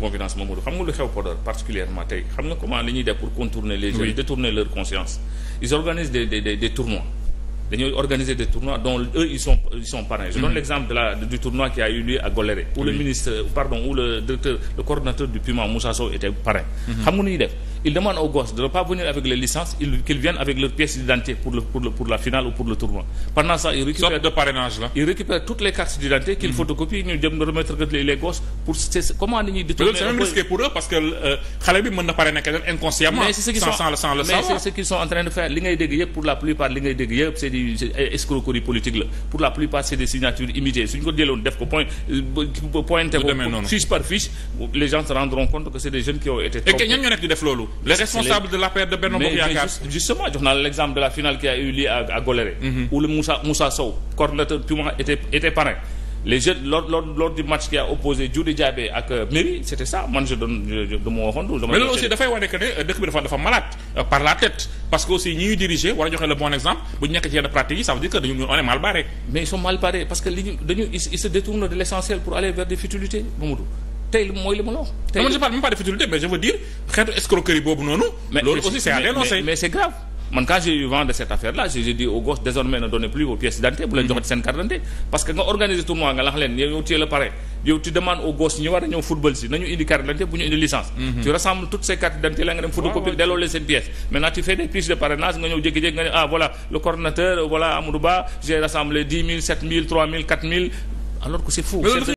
confiance Mamadou xam nga lu xew Podor particulièrement tey xam nga comment li ñuy def pour contourner les jeunes oui. détourner leur conscience ils organisent des des des, des organiser des tournois dont eux ils sont ils je donne mm-hmm. l'exemple du tournoi qui a eu lieu à Goléré. où le ministre pardon le directeur le coordonnateur du Puma Moussa était parrain. Mm-hmm. xam nu ñuy def. ils demandent aux gosses de ne pas venir avec les licences ils qu'ils avec leur pièce d'identité pour la finale ou pour le tournoi pendant ça ils récupèrent toutes les cartes d'identité qu'ils mm-hmm. photocopient ñu dem remettre les les gosses pour c'est comment nañuy détourner risqué pour eux parce que euh, xale bi ce qu'ils sont en train de faire li ngay dégg yëpp pour la plupart li ngay dégg yëpp c'est du escroquerie politique la pour la plupart c'est des signatures imitées suñu les responsables de l'APR de Benno Bokk Yaakaar justement jox l'exemple de la finale qui a eu lieu à à Goléré. Mhm. le Moussa Moussa Sow coordinateur Puma était était parrain. les jeunes lors lors du match qui a opposé Dioudi Diabé ak euh, Méry c'était ça man je doon dama waxoon. mais loolu aussi dafay wane que ne euh, dëkk bi dafa malade euh, par la tête parce que aussi ñi ñuy diriger joxe le bon exemple bu nekk ci yenn pratiques yi ça veut dire que tey mooy li tey je parle même pas mais je veux dire xeetu escroquerie boobu noonu. loolu aussi c'est à dénoncer mais mais c'est grave. man quand j'ai vent de cette affaire là j'ai dit aux gosses désormais ne donnez plus vos pièces d'identité bu leen mhm. joxati seen carte d'identité parce que nga organiser tournoi nga lax leen yow tu es le yow tu demandes aux gosses war a ñëw football si nañu indi carte d'identité bu ñu indi licence mhm. tu rassembles toutes ces cartes d'identité